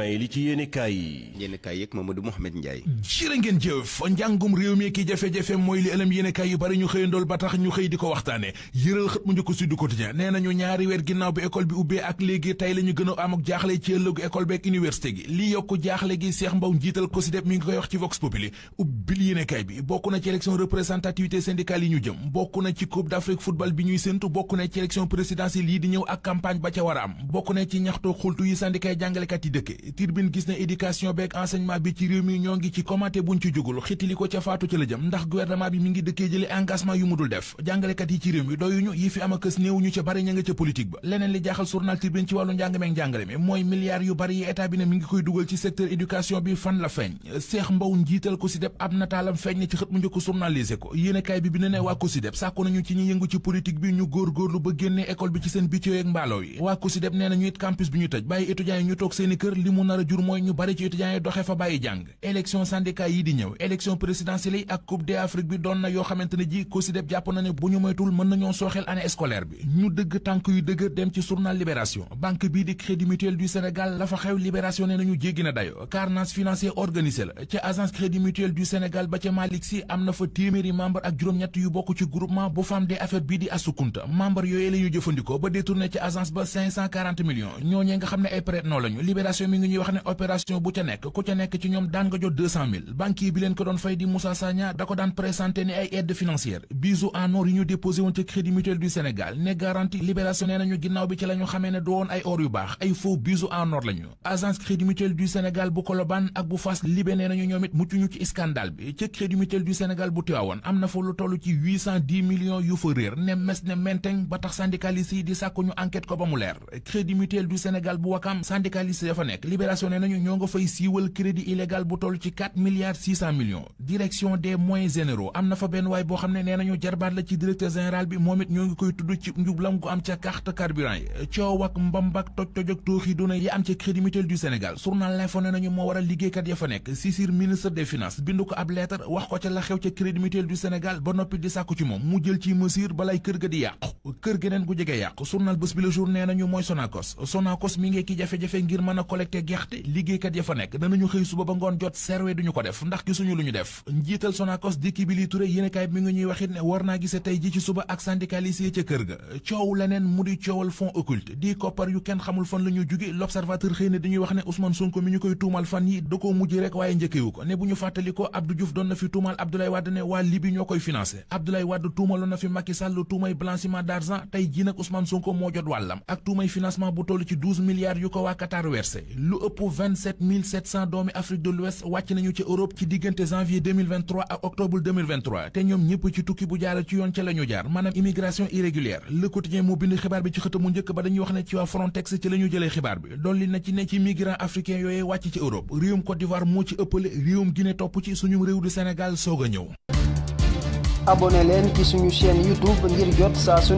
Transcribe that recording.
may li ci yéene kaay yi yéene kaay yeeg Mamadou Mouhamed Ndiaye jërë ngeen jëf njàngum réew mi jafe-jafe mooy li ëlëm yéene kaay yu bari ñu xëyandool ba tax ñu xëy di ko waxtaane yëral xët mu njëkk Sud Quotidien nee nañu ñaari weer ginnaaw bi école bi ubbee ak léegi tey la ñu gën a am ak jaaxle ci ëllëgu école bi ak université gi li yokku jaaxle gi Cheikh Mbaw njiital COSYDEP mi ngi koy wax ci Vox Populi ubbil yéene bi bokk na ci élection représentativité syndicale yi ñu jëm bokk na ci Coupe d'Afrique football di ñëw ak campagne a am bokk na ci yi syndicat Tribune gis na éducation beeg enseignement bi ci réew mi ñoo ngi ci commenté buñ ci jugul xitili ko ca faatu ca la jëm ndax gouvernement bi mi ngi dëkkee jële engagement yu mu dul def jàngalekat yi ci réew mi doyuñu yi fi am a kës néew ca bari ña ca politique ba leneen li jaaxal journal Tribune ci wàllu njàng meeg mi mooy milliards yu bari yi état bi ne mi ngi koy dugal ci secteur éducation bi fan la feeñ Seex Mbow njiital ko si mu nar a mooy ñu bari ci étudiants yi doxee fa bàyyi jàng élection syndicat yi di ñëw élection présidentielle yi ak coupe d'Afrique bi doon na yoo xamante ne ji COSYDEP jàpp na ne bu ñu moytul mën nañoo sooxeel année scolaire bi ñu dëgg tànk yu dëgër dem ci journal Libération banque bii di Crédit Mutuel du Sénégal la fa xew Libération ne nañu jéggi na dayo carnage financier organisé la ca agence Crédit Mutuel du Sénégal ba ca Malick Sy am na fa téeméeri ngi ñuy wax ne opération bu ca nekk ku ca nekk ci ñoom daan nga jot deux cent mille banquier bi leen ko doon fay di Moussa Sagna da ko daan présenté ni ay aide financière bisu en yi ñu déposé woon ci crédit du Sénégal ne garantie libération nee nañu ginnaaw bi ci la ñu xamee ne du ay or yu baax ay faux bisu en or lañu agence crédit mutuel du Sénégal bu Colobane ak bu Fass libé nee nañu ñoom it mucc ñu ci scandale bi ci crédit mutuel du Sénégal bu Tivaouane am na fa lu toll ci huit cent dix millions yu fa réer ne mes ne tax syndicaliste yi di sàkku ko ba mu leer crédit mutuel du Sénégal bu Wakam syndicaliste ya nekk libération ne nañu ñoo nga fay siiwal crédit illégal bu toll ci milliards 600 millions direction des am na fa benn waay boo xam ne nee nañu jarbaat la ci directeur général bi moom it ñoo ngi koy tudd ci njublam gu am ca carte carburant yi coow mbambak toj toj ak tooxi duna yi am ca crédit mutuel du Sénégal journal l'info ne nañu moo waral liggéeykat ya fa nekk Cissir ministre des finances bindu ko ab lettre wax ko ca la xew ca kër di yàqu kër geneen gerte gerte liggéeykat ya fa nekk danañu xëy suba ba ngoon jot serwe duñu ko def ndax gisuñu lu ñu def njiital Sonacos dikki bi li Touré yéenekaay bi mi ngi ñuy waxit ne war naa gise tey ji ci suba ak syndicalistes yi ca kër ga coow leneen mu di coowal fonds occulte di koppar yu kenn xamul fan la jóge l'observateur xëy na dañuy wax ne Ousmane Sonko mi ñu koy tuumal fan yi da koo mujj rek waaye njëkkewu ko ne bu ñu fàttali ko Abdou Diouf doon na fi tuumal Abdoulaye moo jot wàllam ak tuumay financement bu toll ci 12 lu ëpp 27 700 doomi Afrique de l'Ouest wàcc nañu ci Europe ci diggante janvier 2023 ak octobre 2023 te ñoom ñëpp ci tukki bu jaaree ci yoon ca la ñu jaar maanaam immigration irrégulière Le Quotidien moo bind xibaar bi ci xëta mu njëkk ba dañuy wax ne ci waa Frontex ci la ñu jëlee xibaar bi dolli na ci ne ci migrants africains yooyee wàcc ci Europe réewum Côte d'Ivoire moo ci ëppale réewum Guinée topp ci suñu réew du Sénégal soog a ñëw abonné leen ci suñu chaîne YouTube ngir jot saa su